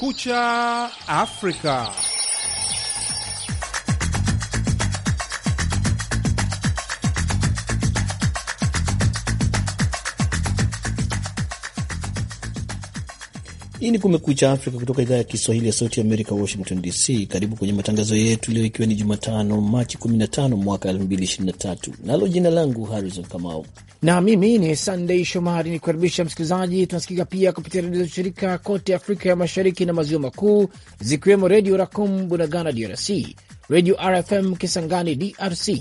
Kumekucha Afrika. Hii ni Kumekucha Afrika kutoka idhaa ya Kiswahili ya Sauti ya Amerika, Washington DC. Karibu kwenye matangazo yetu leo, ikiwa ni Jumatano Machi 15 mwaka 2023, nalo jina langu Harrison Kamau na mimi ni Sandei Shomari ni kukaribisha msikilizaji. Tunasikika pia kupitia redio za kote Afrika ya Mashariki na Maziwa Makuu, zikiwemo Redio Racom Bunagana DRC, Redio RFM Kisangani DRC,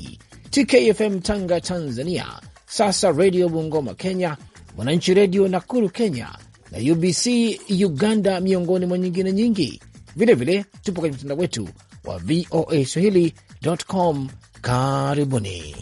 TKFM Tanga Tanzania, sasa Redio Bungoma Kenya, Mwananchi Redio Nakuru Kenya, na UBC Uganda, miongoni mwa nyingine nyingi. Vilevile tupo kwenye mtandao wetu wa VOA Swahili.com. Karibuni.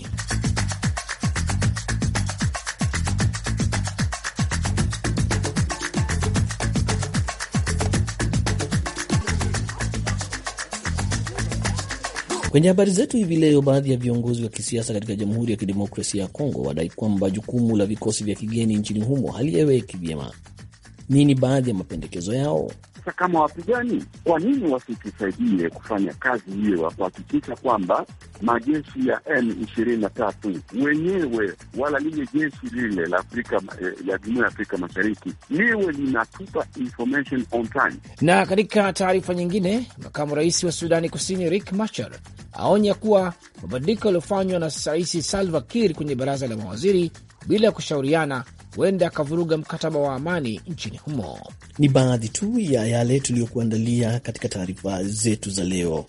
Kwenye habari zetu hivi leo, baadhi ya viongozi wa kisiasa katika Jamhuri ya Kidemokrasia ya Kongo wadai kwamba jukumu la vikosi vya kigeni nchini humo halieleweki vyema. Nini baadhi ya mapendekezo yao? Kama wapigani, kwa nini wasitusaidie kufanya kazi hiyo ya kuhakikisha kwamba majeshi ya M ishirini na tatu wenyewe wala lile jeshi lile la Afrika eh, la Jumuiya ya Afrika Mashariki liwe linatupa information on time. Na katika taarifa nyingine, makamu rais wa Sudani Kusini rick Machar aonya kuwa mabadiliko yaliyofanywa na rais Salva Kiir kwenye baraza la mawaziri bila kushauriana huenda akavuruga mkataba wa amani nchini humo. Ni baadhi tu ya yale tuliyokuandalia katika taarifa zetu za leo.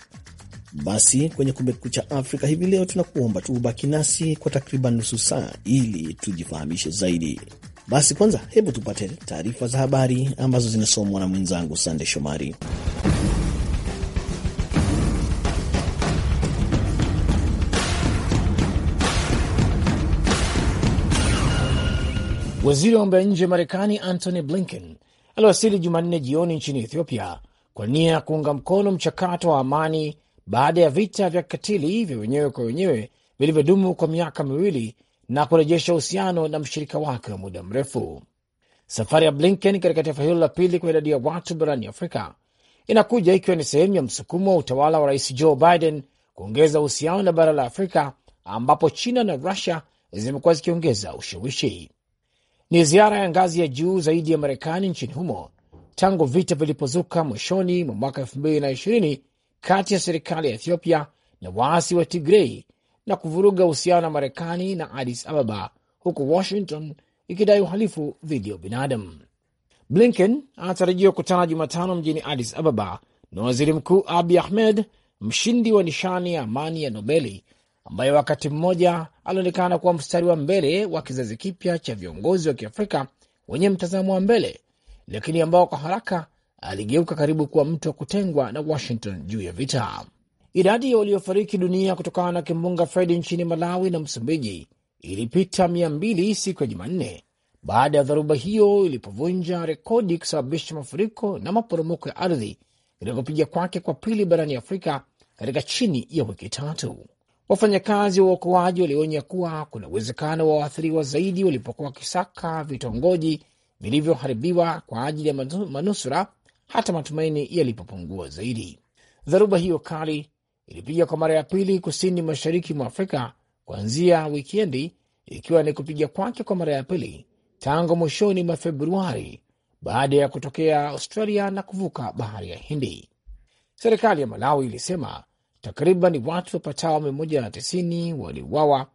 Basi kwenye Kumekucha Afrika hivi leo, tunakuomba tu ubaki nasi kwa takriban nusu saa ili tujifahamishe zaidi. Basi kwanza, hebu tupate taarifa za habari ambazo zinasomwa na mwenzangu Sande Shomari. Waziri wa mambo ya nje Marekani Antony Blinken aliwasili Jumanne jioni nchini Ethiopia kwa nia ya kuunga mkono mchakato wa amani baada ya vita vya kikatili vya wenyewe kwa wenyewe vilivyodumu kwa miaka miwili na kurejesha uhusiano na mshirika wake wa muda mrefu. Safari ya Blinken katika taifa hilo la pili kwa idadi ya watu barani Afrika inakuja ikiwa ni sehemu ya msukumo wa utawala wa Rais Joe Biden kuongeza uhusiano na bara la Afrika ambapo China na Rusia zimekuwa zikiongeza ushawishi. Ni ziara ya ngazi ya juu zaidi ya Marekani nchini humo tangu vita vilipozuka mwishoni mwa mwaka elfu mbili na ishirini kati ya serikali ya Ethiopia na waasi wa Tigrei na kuvuruga uhusiano na Marekani na adis Ababa, huku Washington ikidai uhalifu dhidi ya ubinadamu. Blinken anatarajiwa kukutana Jumatano mjini adis Ababa na waziri mkuu Abi Ahmed, mshindi wa nishani ya amani ya Nobeli ambaye wakati mmoja alionekana kuwa mstari wa mbele wa kizazi kipya cha viongozi wa Kiafrika wenye mtazamo wa mbele, lakini ambao kwa haraka aligeuka karibu kuwa mtu wa kutengwa na Washington juu ya vita. Idadi ya waliofariki dunia kutokana na kimbunga Fredi nchini Malawi na Msumbiji ilipita mia mbili siku ya Jumanne baada ya dharuba hiyo ilipovunja rekodi kusababisha mafuriko na maporomoko ya ardhi katika kupiga kwake kwa pili barani Afrika katika chini ya wiki tatu. Wafanyakazi wa uokoaji walionya kuwa kuna uwezekano wa waathiriwa zaidi walipokuwa wakisaka vitongoji vilivyoharibiwa kwa ajili ya manusura hata matumaini yalipopungua zaidi. Dharuba hiyo kali ilipiga kwa mara ya pili kusini mashariki mwa Afrika kuanzia wikendi, ikiwa ni kupiga kwake kwa mara ya pili tangu mwishoni mwa Februari baada ya kutokea Australia na kuvuka bahari ya Hindi. Serikali ya Malawi ilisema Takriban watu wapatao 190 waliuawa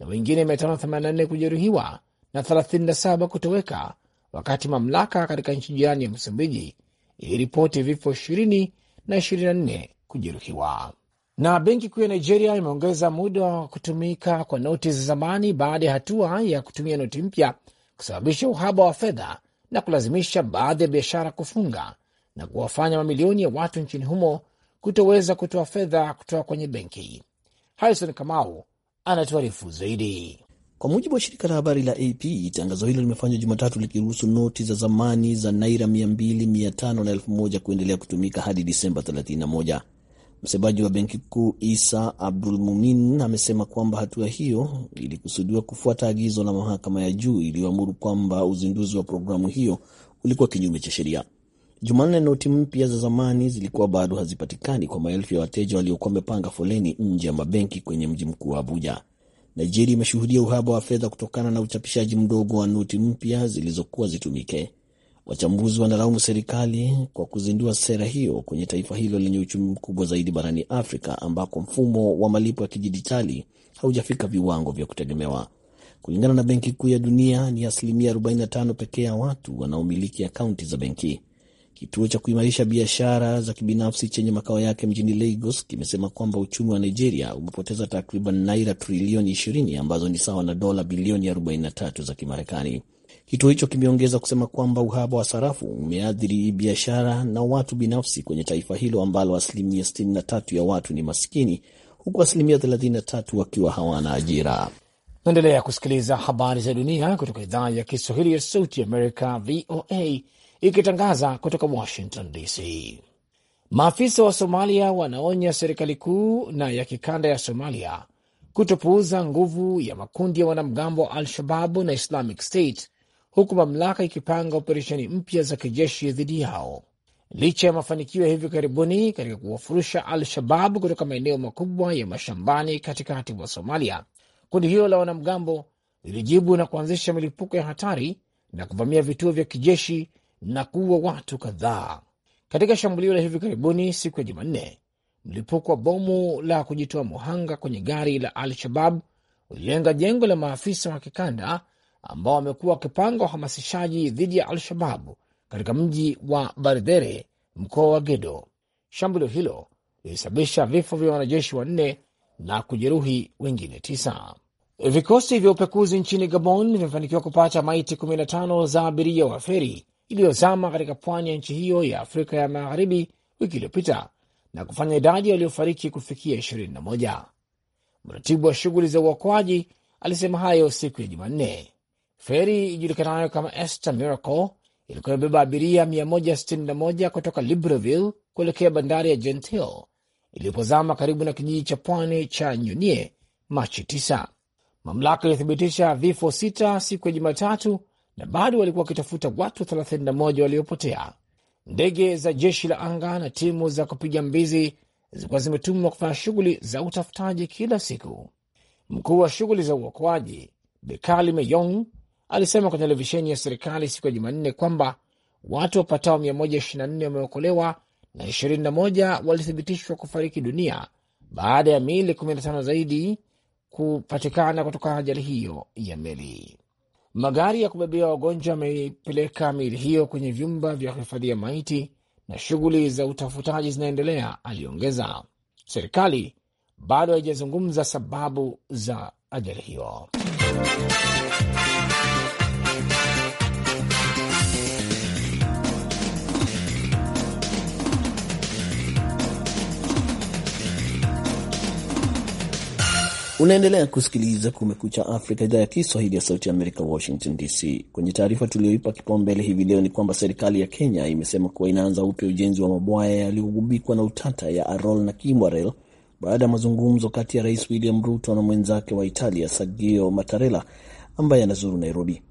na wengine 584 kujeruhiwa na 37 kutoweka, wakati mamlaka katika nchi jirani ya Msumbiji iliripoti vifo 20 na 24 kujeruhiwa. Na benki kuu ya Nigeria imeongeza muda wa kutumika kwa noti za zamani baada ya hatua ya kutumia noti mpya kusababisha uhaba wa fedha na kulazimisha baadhi ya biashara kufunga na kuwafanya mamilioni ya watu nchini humo kutoweza kutoa fedha kutoka kwenye benki. Harison Kamau anatuarifu zaidi. Kwa mujibu wa shirika la habari la AP, tangazo hilo limefanywa Jumatatu likiruhusu noti za zamani za naira 200, 500 na 1000 kuendelea kutumika hadi Disemba 31. Msemaji wa benki kuu Isa Abdul Mumin amesema kwamba hatua hiyo ilikusudiwa kufuata agizo la mahakama ya juu iliyoamuru kwamba uzinduzi wa programu hiyo ulikuwa kinyume cha sheria. Jumanne noti mpya za zamani zilikuwa bado hazipatikani kwa maelfu ya wateja waliokuwa wamepanga foleni nje ya mabenki kwenye mji mkuu wa Abuja. Nigeria imeshuhudia uhaba wa fedha kutokana na uchapishaji mdogo wa noti mpya zilizokuwa zitumike. Wachambuzi wanalaumu serikali kwa kuzindua sera hiyo kwenye taifa hilo lenye uchumi mkubwa zaidi barani Afrika, ambako mfumo wa malipo ya kidijitali haujafika viwango vya kutegemewa. Kulingana na Benki Kuu ya Dunia, ni asilimia 45 pekee ya watu wanaomiliki akaunti za benki. Kituo cha kuimarisha biashara za kibinafsi chenye makao yake mjini Lagos kimesema kwamba uchumi wa Nigeria umepoteza takriban naira trilioni 20 ambazo ni sawa na dola bilioni 43 za Kimarekani. Kituo hicho kimeongeza kusema kwamba uhaba wa sarafu umeathiri biashara na watu binafsi kwenye taifa hilo ambalo asilimia 63 ya watu ni maskini huku asilimia 33 wakiwa hawana ajira. Naendelea kusikiliza habari za dunia kutoka idhaa ya Kiswahili ya Sauti Amerika, VOA ikitangaza kutoka Washington DC. Maafisa wa Somalia wanaonya serikali kuu na ya kikanda ya Somalia kutopuuza nguvu ya makundi ya wanamgambo wa Al-Shababu na Islamic State, huku mamlaka ikipanga operesheni mpya za kijeshi dhidi yao. Licha ya mafanikio ya hivi karibuni katika kuwafurusha Al-Shabab kutoka maeneo makubwa ya mashambani katikati mwa Somalia, kundi hilo la wanamgambo lilijibu na kuanzisha milipuko ya hatari na kuvamia vituo vya kijeshi na kuua watu kadhaa katika shambulio la hivi karibuni siku ya Jumanne. Mlipuko wa bomu la kujitoa muhanga kwenye gari la Al-Shabab ulilenga jengo la maafisa wa kikanda ambao wamekuwa wakipanga uhamasishaji dhidi ya Al-Shabab katika mji wa Bardere, mkoa wa Gedo. Shambulio hilo lilisababisha vifo vya wanajeshi wanne na kujeruhi wengine tisa. Vikosi vya upekuzi nchini Gabon vimefanikiwa kupata maiti 15 za abiria wa feri iliyozama katika pwani ya nchi hiyo ya Afrika ya Magharibi wiki iliyopita na kufanya idadi waliofariki kufikia 21. Mratibu wa shughuli za uokoaji alisema hayo siku ya Jumanne. Feri ijulikanayo kama Esther Miracle ilikuwa imebeba abiria 161 kutoka Libreville kuelekea bandari ya gentil ilipozama karibu na kijiji cha pwani cha Nyunie Machi 9. Mamlaka ilithibitisha vifo sita siku ya Jumatatu na bado walikuwa wakitafuta watu 31 waliopotea. Ndege za jeshi la anga na timu za kupiga mbizi zilikuwa zimetumwa kufanya shughuli za utafutaji kila siku. Mkuu wa shughuli za uokoaji Bekali Meyong alisema kwenye televisheni ya serikali siku ya Jumanne kwamba watu wapatao 124 wameokolewa na 21 walithibitishwa kufariki dunia baada ya miili 15 zaidi kupatikana kutokana na ajali hiyo ya meli. Magari ya kubebea wagonjwa yamepeleka miili hiyo kwenye vyumba vya kuhifadhia maiti na shughuli za utafutaji zinaendelea, aliongeza. Serikali bado haijazungumza sababu za ajali hiyo. Unaendelea kusikiliza Kumekucha Afrika, idhaa ya Kiswahili ya Sauti Amerika, Washington DC. Kwenye taarifa tuliyoipa kipaumbele hivi leo ni kwamba serikali ya Kenya imesema kuwa inaanza upya ujenzi wa mabwaya yaliyogubikwa na utata ya Arol na Kimwarel baada ya mazungumzo kati ya Rais William Ruto na mwenzake wa Italia Sergio Mattarella ambaye anazuru Nairobi.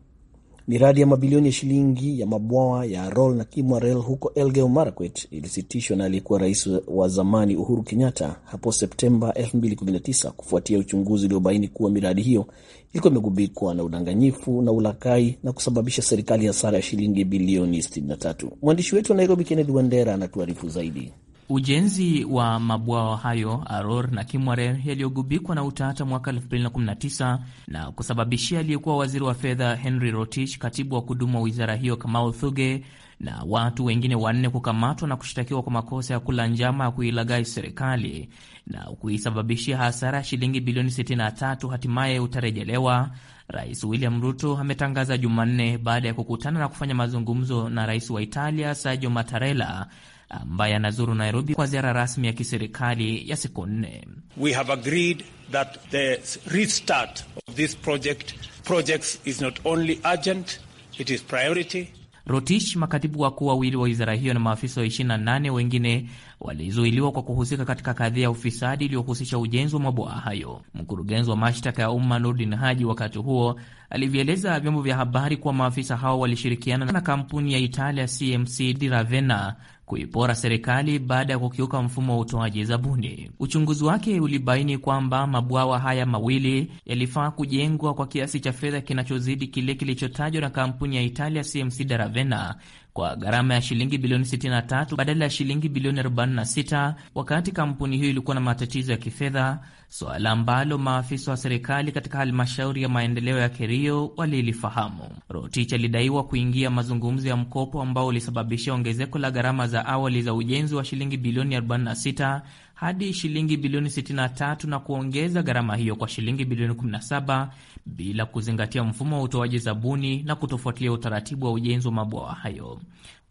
Miradi ya mabilioni ya shilingi ya mabwawa ya Arol na Kimwarel huko Elgeyo Marakwet ilisitishwa na aliyekuwa rais wa zamani Uhuru Kenyatta hapo Septemba 2019 kufuatia uchunguzi uliobaini kuwa miradi hiyo ilikuwa imegubikwa na udanganyifu na ulakai na kusababisha serikali hasara ya shilingi bilioni 63. Mwandishi wetu wa Nairobi, Kennedy Wandera, anatuarifu zaidi. Ujenzi wa mabwawa hayo Aror na Kimwarer yaliyogubikwa na utata mwaka 2019 na kusababishia aliyekuwa waziri wa fedha Henry Rotich, katibu wa kudumu wa wizara hiyo Kamau Thuge na watu wengine wanne kukamatwa na kushtakiwa kwa makosa ya kula njama ya kuilagai serikali na kuisababishia hasara ya shilingi bilioni 63 hatimaye utarejelewa. Rais William Ruto ametangaza Jumanne baada ya kukutana na kufanya mazungumzo na rais wa Italia Sergio Mattarella ambaye anazuru Nairobi kwa ziara rasmi ya kiserikali ya siku nne. We have agreed that the restart of this project projects is not only urgent, it is priority. Rotish, makatibu wakuu wawili wa wizara hiyo na maafisa wa 28 wengine walizuiliwa kwa kuhusika katika kadhia ya ufisadi iliyohusisha ujenzi wa mabwawa hayo. Mkurugenzi wa mashtaka ya umma Nurdin Haji wakati huo alivyeleza vyombo vya habari kuwa maafisa hao walishirikiana na kampuni ya Italia CMC Di Ravenna kuipora serikali baada ya kukiuka mfumo wa utoaji zabuni. Uchunguzi wake ulibaini kwamba mabwawa haya mawili yalifaa kujengwa kwa kiasi cha fedha kinachozidi kile kilichotajwa na kampuni ya Italia CMC Daravena kwa gharama ya shilingi bilioni 63 badala ya shilingi bilioni 46, wakati kampuni hiyo ilikuwa na matatizo ya kifedha, suala ambalo maafisa wa serikali katika halmashauri ya maendeleo ya Kerio walilifahamu. Rotich alidaiwa kuingia mazungumzo ya mkopo ambao ulisababisha ongezeko la gharama za awali za ujenzi wa shilingi bilioni 46 hadi shilingi bilioni 63 na kuongeza gharama hiyo kwa shilingi bilioni 17 bila kuzingatia mfumo wa utoaji zabuni na kutofuatilia utaratibu wa ujenzi wa mabwawa hayo.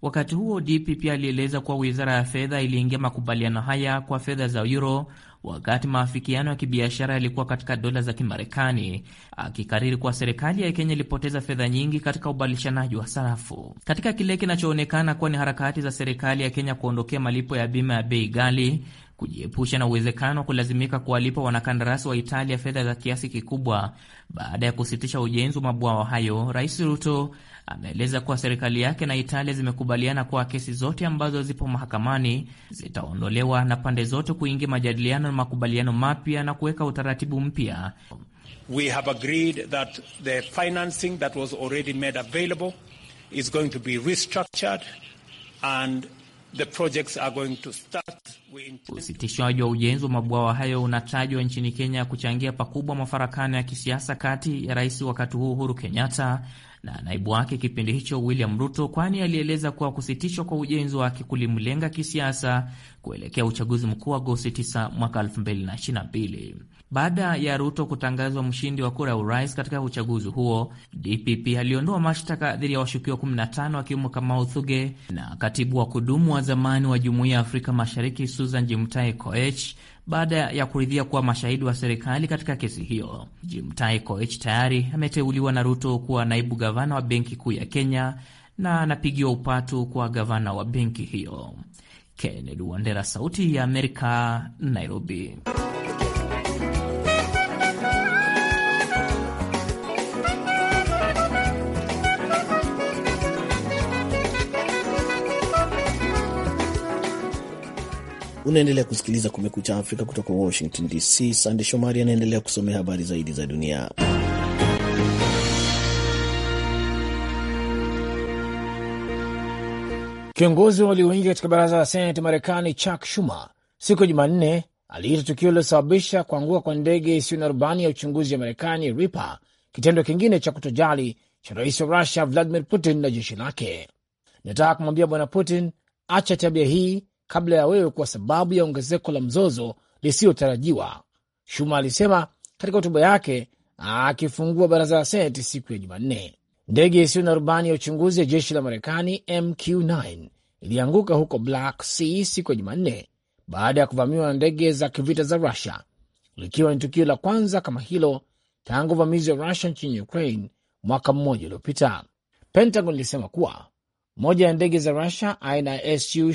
Wakati huo DP pia alieleza kuwa wizara ya fedha iliingia makubaliano haya kwa fedha za euro, wakati maafikiano ya kibiashara yalikuwa katika dola za Kimarekani, akikariri kuwa serikali ya Kenya ilipoteza fedha nyingi katika ubadilishanaji wa sarafu katika kile kinachoonekana kuwa ni harakati za serikali ya Kenya kuondokea malipo ya bima ya bei ghali kujiepusha na uwezekano wa kulazimika kuwalipa wanakandarasi wa Italia fedha za kiasi kikubwa baada ya kusitisha ujenzi wa mabwawa hayo. Rais Ruto ameeleza kuwa serikali yake na Italia zimekubaliana kuwa kesi zote ambazo zipo mahakamani zitaondolewa na pande zote kuingia majadiliano na makubaliano mapya na kuweka utaratibu mpya. We have agreed that the financing that was already made available is going to be restructured and Usitishwaji wa ujenzi wa mabwawa hayo unatajwa nchini Kenya kuchangia pakubwa mafarakano ya kisiasa kati ya rais wakati huu Uhuru Kenyatta na naibu wake kipindi hicho William Ruto, kwani alieleza kuwa kusitishwa kwa ujenzi wake kulimlenga kisiasa kuelekea uchaguzi mkuu wa Agosti 9 mwaka 2022. Baada ya Ruto kutangazwa mshindi wa kura ya urais katika uchaguzi huo, DPP aliondoa mashtaka dhidi ya washukiwa 15 akiwemo Kamau Thuge na katibu wa kudumu wa zamani wa Jumuiya ya Afrika Mashariki Susan Jimtai Koech baada ya kuridhia kuwa mashahidi wa serikali katika kesi hiyo. Jimtai Koech tayari ameteuliwa na Ruto kuwa naibu gavana wa Benki Kuu ya Kenya na anapigiwa upatu kwa gavana wa benki hiyo. Kennedy Wandera, Sauti ya Amerika, Nairobi. Unaendelea kusikiliza Kumekucha Afrika kutoka Washington DC. Sande Shomari anaendelea kusomea habari zaidi za dunia. Kiongozi walioingia katika baraza la seneti Marekani Chuck Schumer siku ya Jumanne aliita tukio lilosababisha kuanguka kwa ndege isiyo na rubani ya uchunguzi ya Marekani Ripa, kitendo kingine cha kutojali cha rais wa Rusia Vladimir Putin na jeshi lake. Nataka kumwambia Bwana Putin, acha tabia hii kabla ya wewe kuwa sababu ya ongezeko la mzozo lisiyotarajiwa, Shuma alisema katika hotuba yake akifungua baraza la Seneti siku ya Jumanne. Ndege isiyo na rubani ya uchunguzi ya jeshi la Marekani MQ9 ilianguka huko Black Sea siku ya Jumanne baada ya kuvamiwa na ndege za kivita za Rusia, likiwa ni tukio la kwanza kama hilo tangu uvamizi wa Rusia nchini Ukraine mwaka mmoja uliopita. Pentagon ilisema kuwa moja ya ndege za Rusia aina ya SU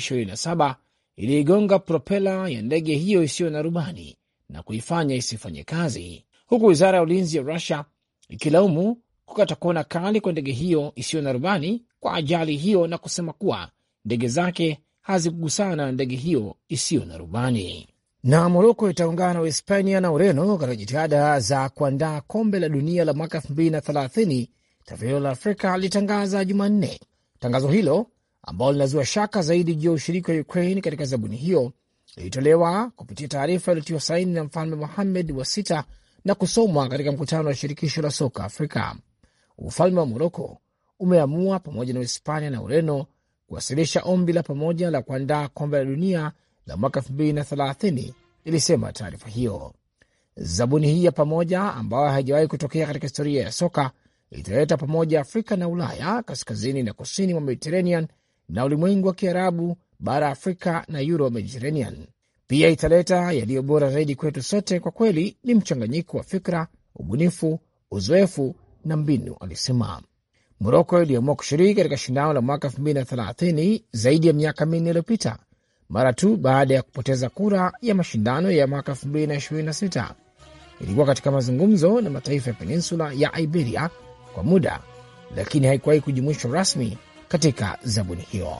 iliigonga propela ya ndege hiyo isiyo na rubani na kuifanya isifanye kazi, huku wizara ya ulinzi ya Rusia ikilaumu kukata kona kali kwa ndege hiyo isiyo na rubani kwa ajali hiyo na kusema kuwa ndege zake hazikugusana na ndege hiyo isiyo na rubani. Na Moroko itaungana na Uhispania na Ureno katika jitihada za kuandaa kombe la dunia la mwaka elfu mbili na thelathini, taifa hilo la Afrika litangaza Jumanne. Tangazo hilo ambalo linazua shaka zaidi juu ya ushiriki wa Ukraine katika zabuni hiyo ilitolewa kupitia taarifa iliyotiwa saini na mfalme Mohammed wa sita na kusomwa katika mkutano wa shirikisho la soka Afrika. Ufalme wa Moroko umeamua pamoja na Uhispania na Ureno kuwasilisha ombi la pamoja la kuandaa kombe la dunia la mwaka 2030 ilisema taarifa hiyo. Zabuni hii ya pamoja ambayo haijawahi kutokea katika historia ya soka italeta pamoja Afrika na Ulaya kaskazini na kusini mwa Mediterranean na ulimwengu wa Kiarabu, bara Afrika na Euro Mediterranean. Pia italeta yaliyo bora zaidi kwetu sote. Kwa kweli ni mchanganyiko wa fikra, ubunifu, uzoefu na mbinu, alisema. Moroko iliamua kushiriki katika shindano la mwaka 2030 zaidi ya miaka minne iliyopita, mara tu baada ya kupoteza kura ya mashindano ya mwaka 2026. Ilikuwa katika mazungumzo na mataifa ya peninsula ya Iberia kwa muda, lakini haikuwahi kujumuishwa rasmi katika zabuni hiyo.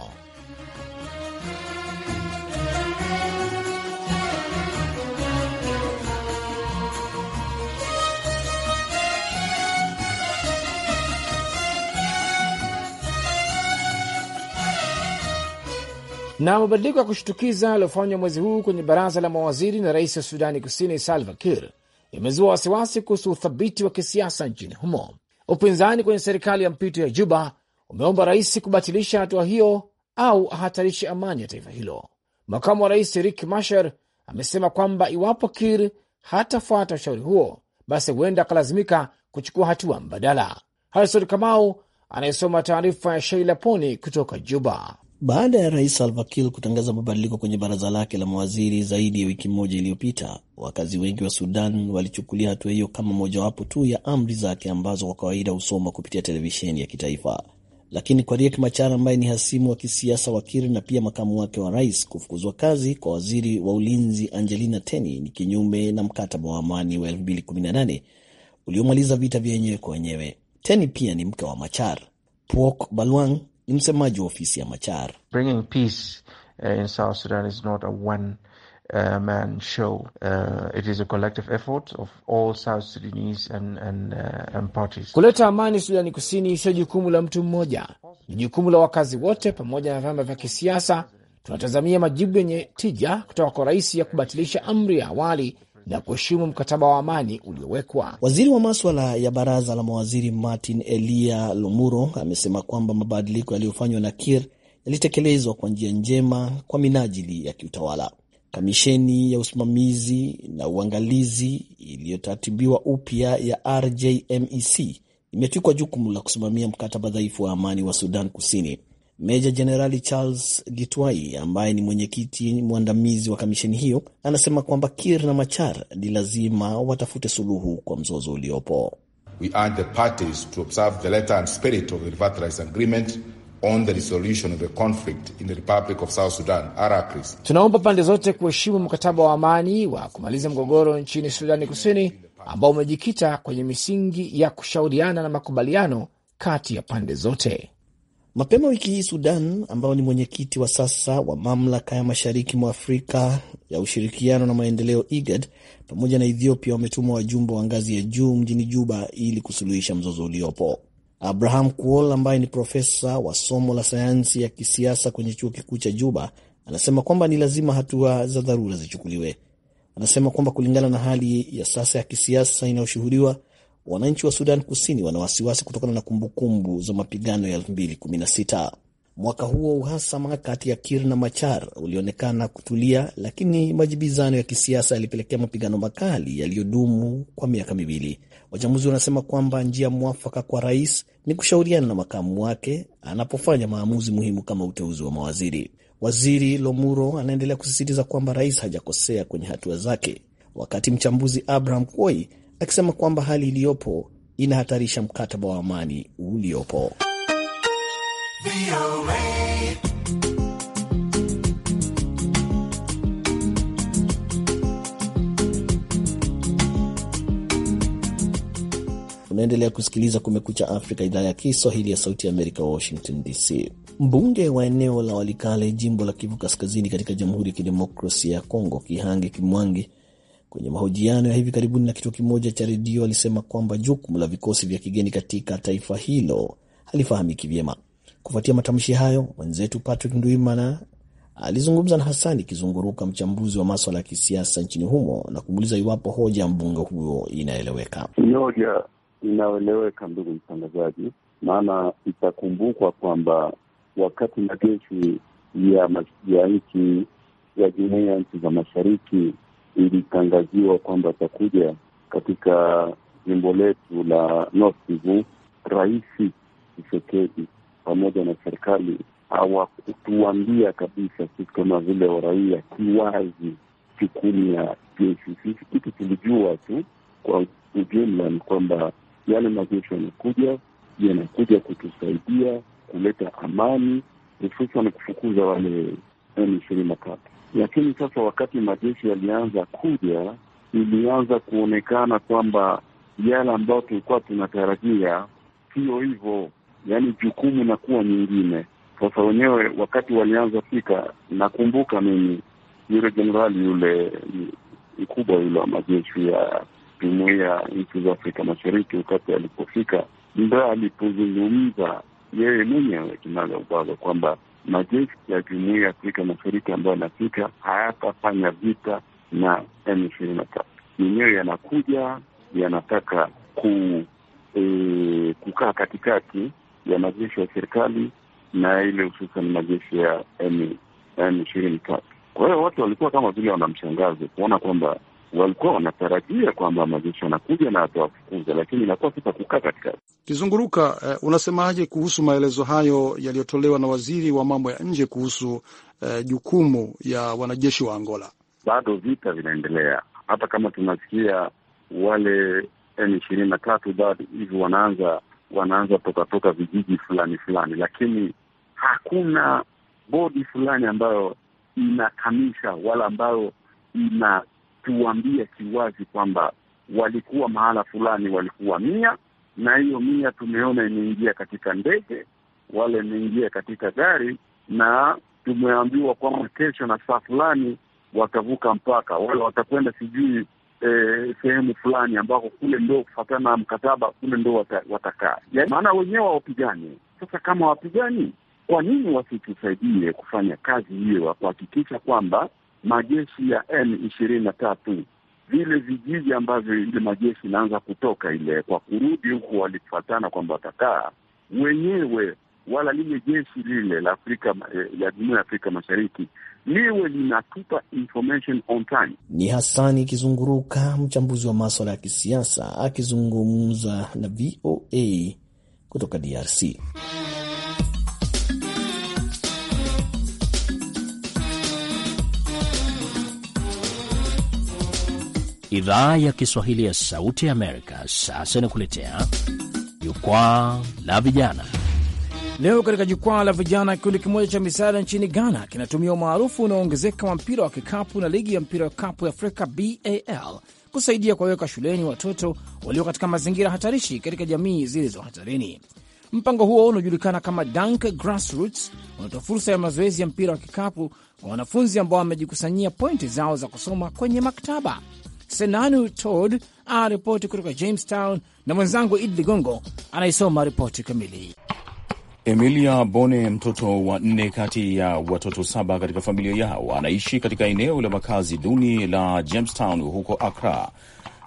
Na mabadiliko ya kushtukiza yaliyofanywa mwezi huu kwenye baraza la mawaziri na rais wa Sudani Kusini Salva Kir imezua wasiwasi kuhusu uthabiti wa kisiasa nchini humo. Upinzani kwenye serikali ya mpito ya Juba umeomba rais kubatilisha hatua hiyo au ahatarishe amani ya taifa hilo. Makamu wa rais rik masher amesema kwamba iwapo kir hatafuata ushauri huo, basi huenda akalazimika kuchukua hatua mbadala. Harison Kamau anayesoma taarifa ya Sheila Poni kutoka Juba. Baada ya rais Salva Kiir kutangaza mabadiliko kwenye baraza lake la mawaziri zaidi ya wiki moja iliyopita, wakazi wengi wa Sudan walichukulia hatua hiyo kama mojawapo tu ya amri zake ambazo kwa kawaida husoma kupitia televisheni ya kitaifa lakini kwa Riek Machar ambaye ni hasimu wa kisiasa wa Kiir na pia makamu wake wa rais, kufukuzwa kazi kwa waziri wa ulinzi Angelina Teny ni kinyume na mkataba wa amani wa 2018 uliomaliza vita vya wenyewe kwa wenyewe. Teny pia ni mke wa Machar. Puok Balwang ni msemaji wa ofisi ya Machar. Bringing peace eh, in South Sudan is not a one Uh, man show uh, it is a collective effort of all South Sudanese and, and, uh, and parties. Kuleta amani Sudani Kusini sio jukumu la mtu mmoja, ni jukumu la wakazi wote pamoja na vyama vya kisiasa. Tunatazamia majibu yenye tija kutoka kwa rais ya kubatilisha amri ya awali na kuheshimu mkataba wa amani uliowekwa. Waziri wa maswala ya baraza la mawaziri Martin Elia Lumuro amesema kwamba mabadiliko yaliyofanywa na Kir yalitekelezwa kwa njia njema kwa minajili ya kiutawala. Kamisheni ya Usimamizi na Uangalizi iliyotaratibiwa upya ya RJMEC imetwikwa jukumu la kusimamia mkataba dhaifu wa amani wa Sudan Kusini. Meja Jenerali Charles Gitwai, ambaye ni mwenyekiti mwandamizi wa kamisheni hiyo, anasema kwamba Kir na Machar ni lazima watafute suluhu kwa mzozo uliopo. We urge the parties to observe the letter and spirit of the agreement on the resolution of the conflict in the Republic of South Sudan, Arakris. Tunaomba pande zote kuheshimu mkataba wa amani wa kumaliza mgogoro nchini Sudani Kusini ambao umejikita kwenye misingi ya kushauriana na makubaliano kati ya pande zote. Mapema wiki hii Sudan, ambao ni mwenyekiti wa sasa wa mamlaka ya mashariki mwa Afrika ya ushirikiano na maendeleo IGAD, pamoja na Ethiopia wametuma wajumbe wa ngazi ya juu mjini Juba ili kusuluhisha mzozo uliopo. Abraham Kuol ambaye ni profesa wa somo la sayansi ya kisiasa kwenye chuo kikuu cha Juba anasema kwamba ni lazima hatua za dharura zichukuliwe. Anasema kwamba kulingana na hali ya sasa ya kisiasa inayoshuhudiwa, wananchi wa Sudan Kusini wana wasiwasi kutokana na kumbukumbu za mapigano ya 2016. Mwaka huo uhasama kati ya Kir na Machar ulionekana kutulia, lakini majibizano ya kisiasa yalipelekea mapigano makali yaliyodumu kwa miaka miwili. Wachambuzi wanasema kwamba njia mwafaka kwa rais ni kushauriana na makamu wake anapofanya maamuzi muhimu kama uteuzi wa mawaziri. Waziri Lomuro anaendelea kusisitiza kwamba rais hajakosea kwenye hatua zake, wakati mchambuzi Abraham Kwoi akisema kwamba hali iliyopo inahatarisha mkataba wa amani uliopo. Unaendelea kusikiliza Kumekucha Afrika, idhaa ya Kiswahili ya Sauti ya Amerika, Washington DC. Mbunge wa eneo la Walikale, jimbo la Kivu Kaskazini, katika Jamhuri ya Kidemokrasia ya Kongo, Kihange Kimwangi, kwenye mahojiano ya hivi karibuni na kituo kimoja cha redio alisema kwamba jukumu la vikosi vya kigeni katika taifa hilo halifahamiki vyema. Kufuatia matamshi hayo, mwenzetu Patrick Nduimana alizungumza na Hasani Kizunguruka, mchambuzi wa maswala ya kisiasa nchini humo, na kumuuliza iwapo hoja ya mbunge huyo inaeleweka. Ni hoja inaoeleweka ndugu mtangazaji, maana itakumbukwa kwamba wakati majeshi ya ya nchi ya jumuiya ya nchi za mashariki ilitangaziwa kwamba atakuja katika jimbo letu la North Kivu, Rais Tshisekedi pamoja na serikali hawakutuambia kabisa sisi kama vile waraia kiwazi jukumu ya jeshi. Sisi kitu tulijua tu kwa ujumla ni kwamba yale majeshi yanakuja, yanakuja kutusaidia kuleta amani, hususan kufukuza wale M ishirini na tatu. Lakini sasa wakati majeshi yalianza kuja, ilianza kuonekana kwamba yale ambayo tulikuwa tunatarajia sio hivyo, yaani jukumu na kuwa nyingine. Sasa wenyewe wakati walianza fika, nakumbuka mimi yule jenerali yule mkubwa yule wa majeshi ya jumuiya ya nchi za Afrika Mashariki wakati alipofika, ndo alipozungumza yeye mwenyewe kinaga ubaga kwamba majeshi ya jumuiya ya Afrika Mashariki ambayo yanafika hayatafanya vita na M ishirini na tatu, yenyewe yanakuja yanataka ku e, kukaa katikati ya majeshi ya serikali na ile hususan majeshi ya M ishirini na tatu. Kwa hiyo watu walikuwa kama vile wanamshangaza kuona kwamba walikuwa wanatarajia kwamba majeshi wanakuja na atawafukuza, lakini inakuwa sasa kukaa katikati. Kizunguruka, eh, unasemaje kuhusu maelezo hayo yaliyotolewa na waziri wa mambo ya nje kuhusu eh, jukumu ya wanajeshi wa Angola? Bado vita vinaendelea, hata kama tunasikia wale M ishirini na tatu bado hivi wanaanza wanaanza tokatoka vijiji fulani fulani, lakini hakuna bodi fulani ambayo inakamisha wala ambayo ina tuambie kiwazi kwamba walikuwa mahala fulani, walikuwa mia na hiyo mia tumeona imeingia katika ndege, wala imeingia katika gari, na tumeambiwa kwamba kesho na saa fulani watavuka mpaka, wala watakwenda sijui E, sehemu fulani ambako kule ndo kufatana na mkataba kule ndo watakaa yani, maana wenyewe wawapigani. Sasa kama wapigani, kwa nini wasitusaidie kufanya kazi hiyo ya kuhakikisha kwamba majeshi ya M ishirini na tatu vile vijiji ambavyo ile majeshi inaanza kutoka ile kwa kurudi huku, walifatana kwamba watakaa wenyewe, wala lile jeshi lile la Afrika ya eh, jumuiya ya Afrika Mashariki liwe linatupa information on time. Ni Hasani Kizunguruka, mchambuzi wa maswala ya kisiasa akizungumza na VOA kutoka DRC. Idhaa ya Kiswahili ya Sauti ya Amerika sasa inakuletea jukwaa la vijana. Leo katika jukwaa la vijana, kikundi kimoja cha misaada nchini Ghana kinatumia umaarufu unaoongezeka wa mpira wa kikapu na ligi ya mpira wa kikapu ya Afrika BAL kusaidia kuwaweka shuleni watoto walio katika mazingira hatarishi katika jamii zilizo hatarini. Mpango huo unaojulikana kama Dunk Grassroots unatoa fursa ya mazoezi ya mpira wa kikapu kwa wanafunzi ambao wamejikusanyia pointi zao za kusoma kwenye maktaba Senanu Todd aripoti ah, kutoka Jamestown na mwenzangu Idi Ligongo anaisoma ripoti kamili. Emilia Bone, mtoto wa nne kati ya watoto saba katika familia yao, anaishi katika eneo la makazi duni la Jamestown huko Accra.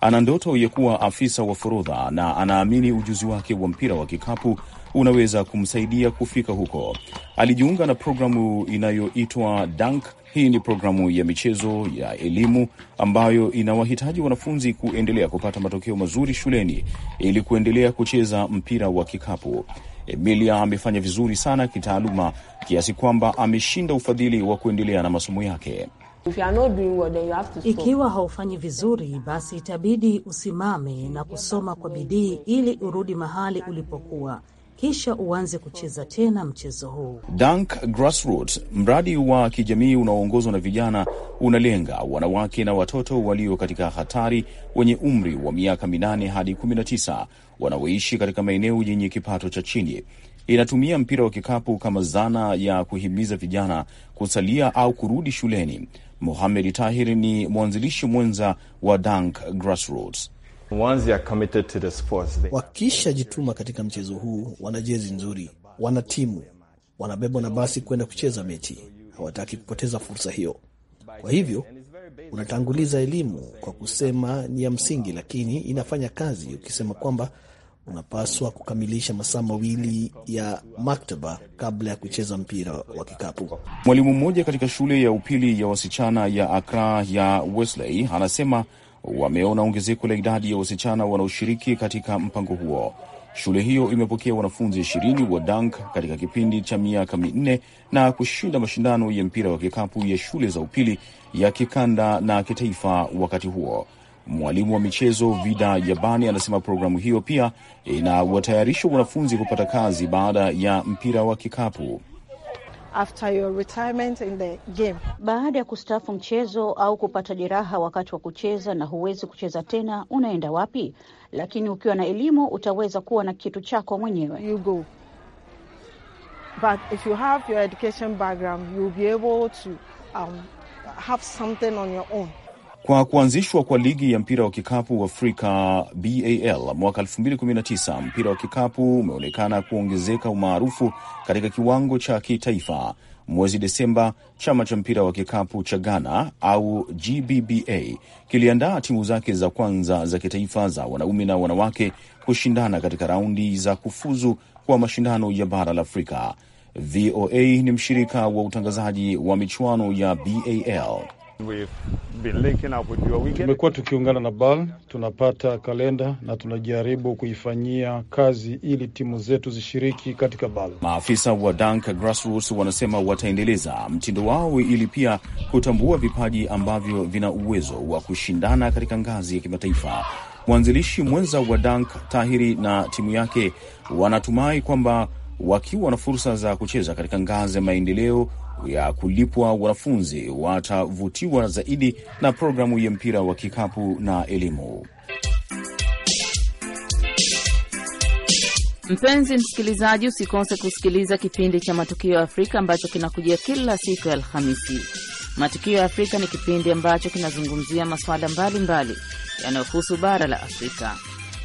Ana ndoto ya kuwa afisa wa forodha na anaamini ujuzi wake wa mpira wa kikapu unaweza kumsaidia kufika huko. Alijiunga na programu inayoitwa Dunk hii ni programu ya michezo ya elimu ambayo inawahitaji wanafunzi kuendelea kupata matokeo mazuri shuleni ili kuendelea kucheza mpira wa kikapu. Emilia amefanya vizuri sana kitaaluma kiasi kwamba ameshinda ufadhili wa kuendelea na masomo yake. Ikiwa haufanyi vizuri, basi itabidi usimame na kusoma kwa bidii ili urudi mahali ulipokuwa kisha uanze kucheza tena mchezo huu. Dunk Grassroots, mradi wa kijamii unaoongozwa na vijana, unalenga wanawake na watoto walio katika hatari wenye umri wa miaka minane hadi kumi na tisa wanaoishi katika maeneo yenye kipato cha chini. Inatumia mpira wa kikapu kama zana ya kuhimiza vijana kusalia au kurudi shuleni. Mohamed Tahir ni mwanzilishi mwenza wa Dunk Grassroots. Wakishajituma katika mchezo huu, wana jezi nzuri, wana timu, wanabebwa na basi kwenda kucheza mechi. Hawataki kupoteza fursa hiyo. Kwa hivyo unatanguliza elimu kwa kusema ni ya msingi, lakini inafanya kazi ukisema kwamba unapaswa kukamilisha masaa mawili ya maktaba kabla ya kucheza mpira wa kikapu. Mwalimu mmoja katika shule ya upili ya wasichana ya akra ya Wesley anasema wameona ongezeko la idadi ya wasichana wanaoshiriki katika mpango huo. Shule hiyo imepokea wanafunzi ishirini wa dank katika kipindi cha miaka minne na kushinda mashindano ya mpira wa kikapu ya shule za upili ya kikanda na kitaifa wakati huo. Mwalimu wa michezo Vida Yabani anasema programu hiyo pia inawatayarisha wanafunzi kupata kazi baada ya mpira wa kikapu after your retirement in the game. Baada ya kustaafu mchezo au kupata jeraha wakati wa kucheza na huwezi kucheza tena, unaenda wapi? Lakini ukiwa na elimu utaweza kuwa na kitu chako mwenyewe. You go. But if you have your education background, you'll be able to um, have something on your own kwa kuanzishwa kwa ligi ya mpira wa kikapu wa Afrika BAL mwaka 2019, mpira wa kikapu umeonekana kuongezeka umaarufu katika kiwango cha kitaifa. Mwezi Desemba, chama cha mpira wa kikapu cha Ghana au GBBA kiliandaa timu zake za kwanza za kitaifa za wanaume na wanawake kushindana katika raundi za kufuzu kwa mashindano ya bara la Afrika. VOA ni mshirika wa utangazaji wa michuano ya BAL. Tumekuwa tukiungana na BAL, tunapata kalenda na tunajaribu kuifanyia kazi ili timu zetu zishiriki katika BAL. Maafisa wa Dunk Grassroots wanasema wataendeleza mtindo wao ili pia kutambua vipaji ambavyo vina uwezo wa kushindana katika ngazi ya kimataifa. Mwanzilishi mwenza wa Dunk Tahiri na timu yake wanatumai kwamba wakiwa na fursa za kucheza katika ngazi ya maendeleo ya kulipwa, wanafunzi watavutiwa zaidi na programu ya mpira wa kikapu na elimu. Mpenzi msikilizaji, usikose kusikiliza kipindi cha Matukio ya Afrika ambacho kinakujia kila siku ya Alhamisi. Matukio ya Afrika ni kipindi ambacho kinazungumzia masuala mbalimbali yanayohusu bara la Afrika.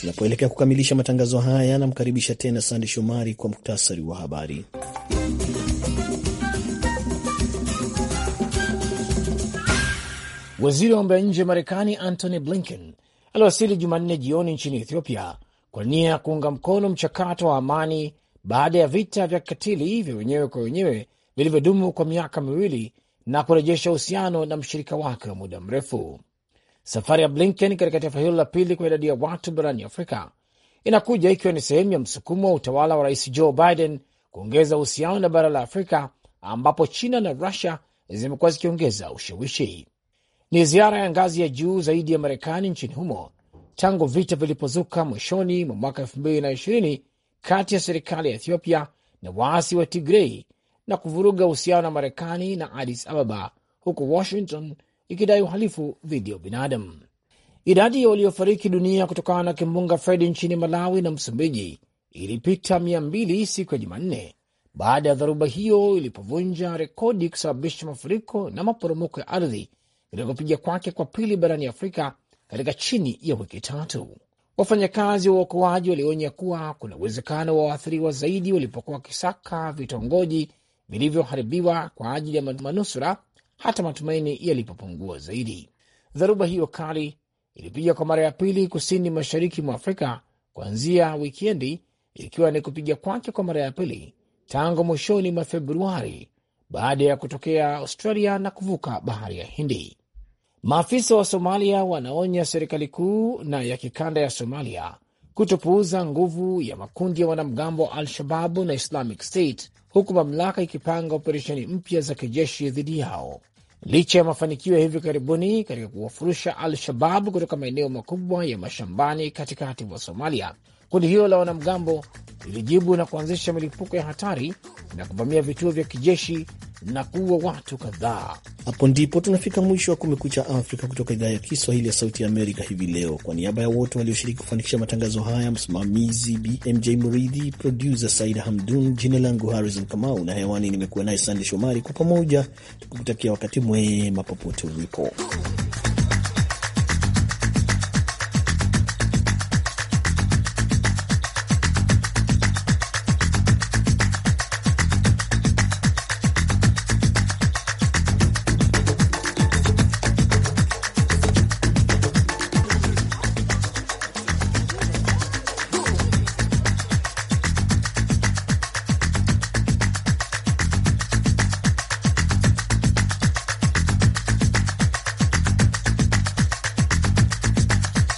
Tunapoelekea kukamilisha matangazo haya, namkaribisha tena Sande Shomari kwa muktasari wa habari. Waziri wa mambo ya nje Marekani Antony Blinken aliwasili Jumanne jioni nchini Ethiopia kwa nia ya kuunga mkono mchakato wa amani baada ya vita vya kikatili vya wenyewe kwa wenyewe vilivyodumu kwa miaka miwili na kurejesha uhusiano na mshirika wake wa muda mrefu. Safari ya Blinken katika taifa hilo la pili kwa idadi ya watu barani Afrika inakuja ikiwa ni sehemu ya msukumo wa utawala wa Rais Joe Biden kuongeza uhusiano na bara la Afrika ambapo China na Rusia zimekuwa zikiongeza ushawishi. Ni ziara ya ngazi ya juu zaidi ya Marekani nchini humo tangu vita vilipozuka mwishoni mwa mwaka elfu mbili na ishirini kati ya serikali ya Ethiopia na waasi wa Tigrei na kuvuruga uhusiano na Marekani na adis Ababa, huku Washington ikidai uhalifu dhidi ya ubinadamu. Idadi ya waliofariki dunia kutokana na kimbunga Fredi nchini Malawi na Msumbiji ilipita mia mbili siku ya Jumanne baada ya dharuba hiyo ilipovunja rekodi kusababisha mafuriko na maporomoko ya ardhi katika kupiga kwake kwa pili barani Afrika katika chini ya wiki tatu. Wafanyakazi wa uokoaji walionya kuwa kuna uwezekano wa waathiriwa zaidi walipokuwa wakisaka vitongoji vilivyoharibiwa kwa ajili ya manusura hata matumaini yalipopungua zaidi. Dharuba hiyo kali ilipiga kwa mara ya pili kusini mashariki mwa Afrika kuanzia wikendi, ikiwa ni kupiga kwake kwa mara ya pili tangu mwishoni mwa Februari baada ya kutokea Australia na kuvuka bahari ya Hindi. Maafisa wa Somalia wanaonya serikali kuu na ya kikanda ya Somalia kutopuuza nguvu ya makundi ya wanamgambo wa Al-Shababu na Islamic State, huku mamlaka ikipanga operesheni mpya za kijeshi dhidi yao. Licha ya mafanikio ya hivi karibuni katika kuwafurusha Al-Shabab kutoka maeneo makubwa ya mashambani katikati mwa Somalia, kundi hilo la wanamgambo lilijibu na kuanzisha milipuko ya hatari na kuvamia vituo vya kijeshi na kuua watu kadhaa. Hapo ndipo tunafika mwisho wa Kumekucha Afrika kutoka idhaa ya Kiswahili ya Sauti ya Amerika hivi leo. Kwa niaba ya wote walioshiriki kufanikisha matangazo haya, msimamizi BMJ Muridhi, produsa Saida Hamdun, jina langu Harrison Kamau na hewani nimekuwa naye Sande Shomari. Kwa pamoja tukikutakia wakati mwema popote ulipo.